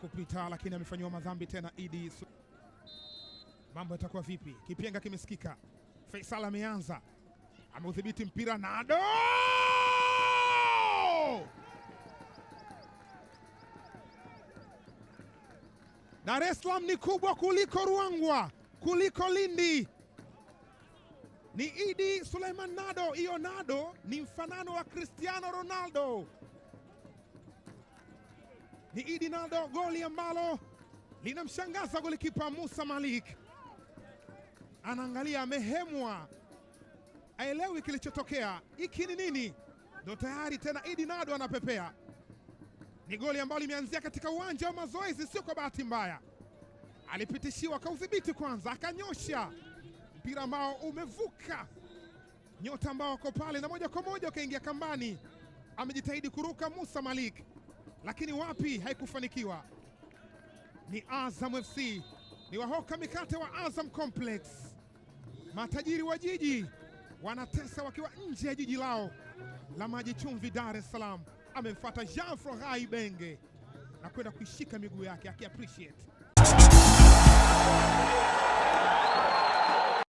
kupita, lakini amefanyiwa madhambi tena. Idi, mambo yatakuwa vipi? Kipenga kimesikika. Faisal ameanza, ameudhibiti mpira. Nado Dar es Salaam ni kubwa kuliko Ruangwa, kuliko Lindi. Ni Idi Suleiman Nado. Hiyo Nado ni mfanano wa Cristiano Ronaldo ni Idi goli ambalo linamshangaza golikipa Musa Malik. Anaangalia amehemwa, aelewi kilichotokea, hiki ni nini? Ndo tayari tena Idi anapepea. Ni goli ambalo limeanzia katika uwanja wa mazoezi, sio kwa bahati mbaya. Alipitishiwa, akaudhibiti kwanza, akanyosha mpira ambao umevuka nyota ambao wako pale, na moja kwa moja ukaingia kambani. Amejitahidi kuruka Musa Malik lakini wapi, haikufanikiwa. Ni Azam FC, ni wahoka mikate wa Azam Complex, matajiri wa jiji wanatesa wakiwa nje ya jiji lao la maji chumvi, Dar es Salaam. Amemfuata Jean Frohai Benge na kwenda kuishika miguu yake aki appreciate